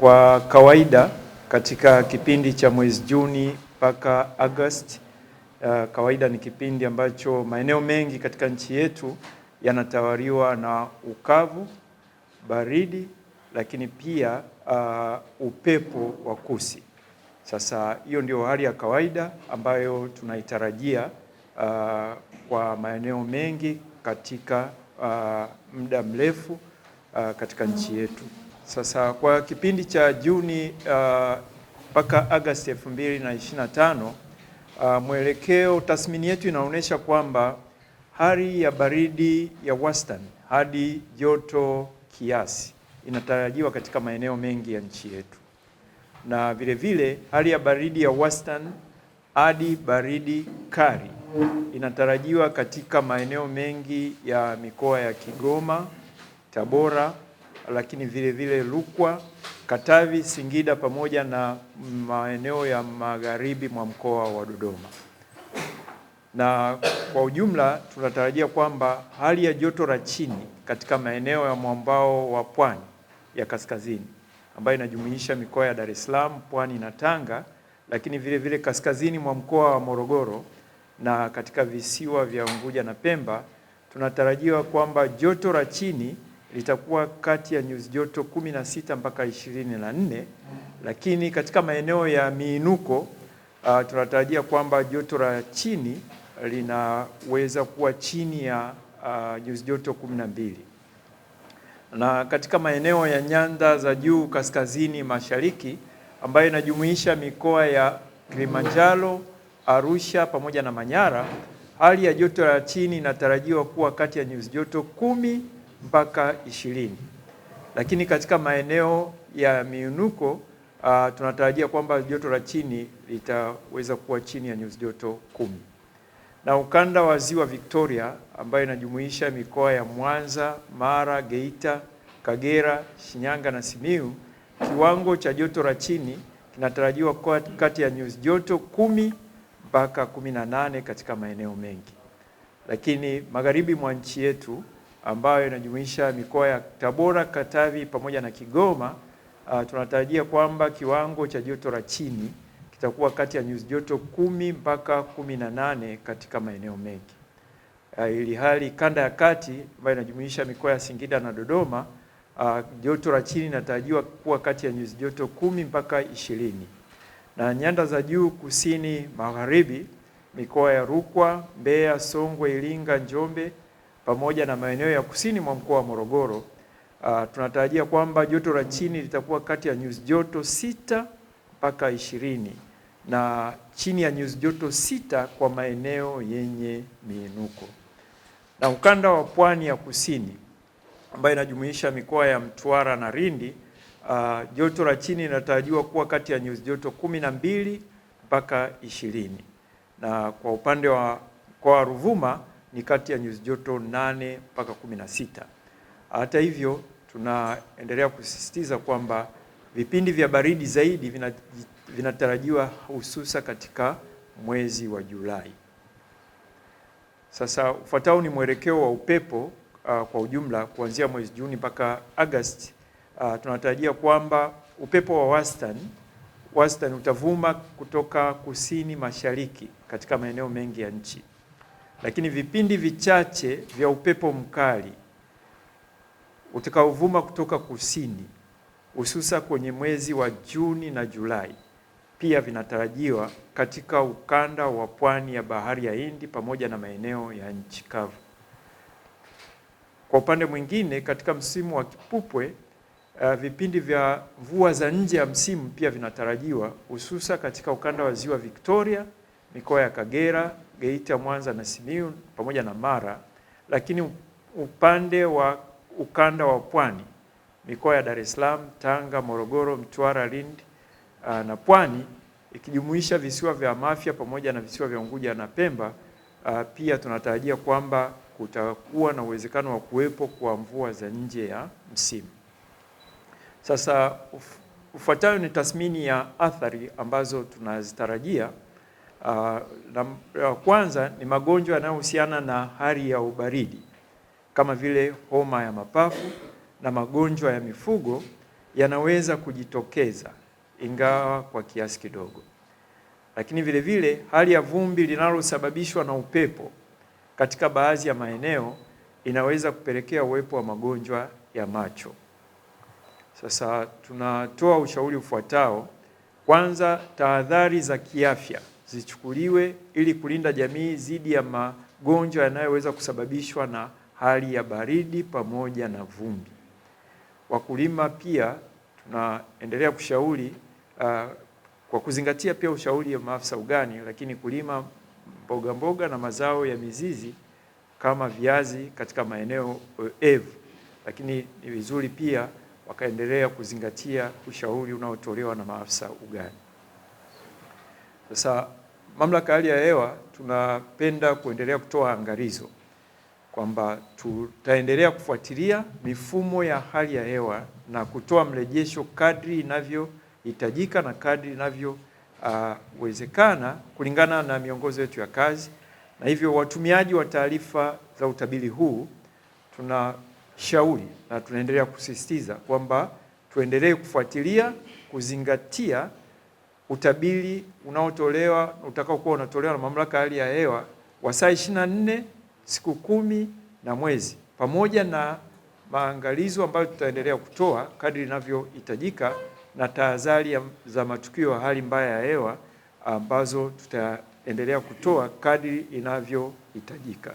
Kwa kawaida katika kipindi cha mwezi Juni mpaka Agosti, uh, kawaida ni kipindi ambacho maeneo mengi katika nchi yetu yanatawaliwa na ukavu, baridi, lakini pia uh, upepo wa kusi. Sasa hiyo ndio hali ya kawaida ambayo tunaitarajia uh, kwa maeneo mengi katika uh, muda mrefu uh, katika nchi yetu. Sasa kwa kipindi cha Juni uh, mpaka uh, Agosti 2025 uh, mwelekeo tathmini yetu inaonyesha kwamba hali ya baridi ya wastani hadi joto kiasi inatarajiwa katika maeneo mengi ya nchi yetu, na vile vile hali ya baridi ya wastani hadi baridi kali inatarajiwa katika maeneo mengi ya mikoa ya Kigoma, Tabora lakini vile vile Rukwa, Katavi, Singida pamoja na maeneo ya magharibi mwa mkoa wa Dodoma. Na kwa ujumla tunatarajia kwamba hali ya joto la chini katika maeneo ya mwambao wa pwani ya kaskazini ambayo inajumuisha mikoa ya Dar es Salaam, Pwani na Tanga, lakini vile vile kaskazini mwa mkoa wa Morogoro na katika visiwa vya Unguja na Pemba tunatarajiwa kwamba joto la chini litakuwa kati ya nyuzi joto 16 mpaka 24, lakini katika maeneo ya miinuko uh, tunatarajia kwamba joto la chini linaweza kuwa chini ya uh, nyuzi joto 12 na katika maeneo ya nyanda za juu kaskazini mashariki ambayo inajumuisha mikoa ya Kilimanjaro, Arusha pamoja na Manyara, hali ya joto la chini inatarajiwa kuwa kati ya nyuzi joto kumi mpaka ishirini, lakini katika maeneo ya miunuko uh, ah, tunatarajia kwamba joto la chini litaweza kuwa chini ya nyuzi joto kumi na ukanda wa ziwa Victoria ambayo inajumuisha mikoa ya Mwanza, Mara, Geita, Kagera, Shinyanga na Simiu, kiwango cha joto la chini kinatarajiwa kuwa kati ya nyuzi joto kumi mpaka kumi na nane katika maeneo mengi, lakini magharibi mwa nchi yetu ambayo inajumuisha mikoa ya Tabora, Katavi pamoja na Kigoma. Uh, tunatarajia kwamba kiwango cha joto la chini kitakuwa kati ya nyuzi joto kumi mpaka kumi na nane katika maeneo mengi. Uh, ili hali kanda ya kati ambayo inajumuisha mikoa ya Singida na Dodoma, uh, joto la chini linatarajiwa kuwa kati ya nyuzi joto kumi mpaka ishirini na nyanda za juu kusini magharibi, mikoa ya Rukwa, Mbeya, Songwe, Iringa, Njombe pamoja na maeneo ya kusini mwa mkoa wa Morogoro. Uh, tunatarajia kwamba joto la chini litakuwa kati ya nyuzi joto sita mpaka ishirini na chini ya nyuzi joto sita kwa maeneo yenye miinuko, na ukanda wa pwani ya kusini ambayo inajumuisha mikoa ya Mtwara na Lindi, uh, joto la chini linatarajiwa kuwa kati ya nyuzi joto kumi na mbili mpaka ishirini na kwa upande wa mkoa wa Ruvuma ni kati ya nyuzi joto nane mpaka kumi na sita. Hata hivyo, tunaendelea kusisitiza kwamba vipindi vya baridi zaidi vinatarajiwa hususa katika mwezi wa Julai. Sasa ufuatao ni mwelekeo wa upepo uh, kwa ujumla kuanzia mwezi Juni mpaka Agosti. Uh, tunatarajia kwamba upepo wa wastani wastani utavuma kutoka kusini mashariki katika maeneo mengi ya nchi lakini vipindi vichache vya upepo mkali utakaovuma kutoka kusini hususa kwenye mwezi wa Juni na Julai pia vinatarajiwa katika ukanda wa pwani ya bahari ya Hindi pamoja na maeneo ya nchi kavu. Kwa upande mwingine, katika msimu wa kipupwe uh, vipindi vya mvua za nje ya msimu pia vinatarajiwa hususa katika ukanda wa Ziwa Victoria, mikoa ya Kagera, Geita, Mwanza na Simiyu pamoja na Mara, lakini upande wa ukanda wa Pwani mikoa ya Dar es Salaam, Tanga, Morogoro, Mtwara, Lindi ah, na Pwani ikijumuisha visiwa vya Mafia pamoja na visiwa vya Unguja na Pemba. Ah, pia tunatarajia kwamba kutakuwa na uwezekano wa kuwepo kwa mvua za nje ya msimu. Sasa ufuatayo ni tathmini ya athari ambazo tunazitarajia la ah, uh, kwanza ni magonjwa yanayohusiana na hali ya ubaridi kama vile homa ya mapafu na magonjwa ya mifugo yanaweza kujitokeza ingawa kwa kiasi kidogo. Lakini vile vile hali ya vumbi linalosababishwa na upepo katika baadhi ya maeneo inaweza kupelekea uwepo wa magonjwa ya macho. Sasa tunatoa ushauri ufuatao. Kwanza, tahadhari za kiafya zichukuliwe ili kulinda jamii dhidi ya magonjwa yanayoweza kusababishwa na hali ya baridi pamoja na vumbi. Wakulima pia tunaendelea kushauri uh, kwa kuzingatia pia ushauri wa maafisa ugani, lakini kulima mboga mboga na mazao ya mizizi kama viazi katika maeneo oevu, uh, lakini ni vizuri pia wakaendelea kuzingatia ushauri unaotolewa na maafisa ugani. Sasa mamlaka ya hali ya hewa tunapenda kuendelea kutoa angalizo kwamba tutaendelea kufuatilia mifumo ya hali ya hewa na kutoa mrejesho kadri inavyohitajika na kadri inavyowezekana uh, kulingana na miongozo yetu ya kazi, na hivyo watumiaji wa taarifa za utabiri huu tunashauri na tunaendelea kusisitiza kwamba tuendelee kufuatilia, kuzingatia utabiri unaotolewa utakao kuwa unatolewa na mamlaka ya hali ya hewa wa saa 24 siku kumi na mwezi pamoja na maangalizo ambayo tutaendelea kutoa kadri inavyohitajika na tahadhari za matukio ya hali mbaya ya hewa ambazo tutaendelea kutoa kadri inavyohitajika.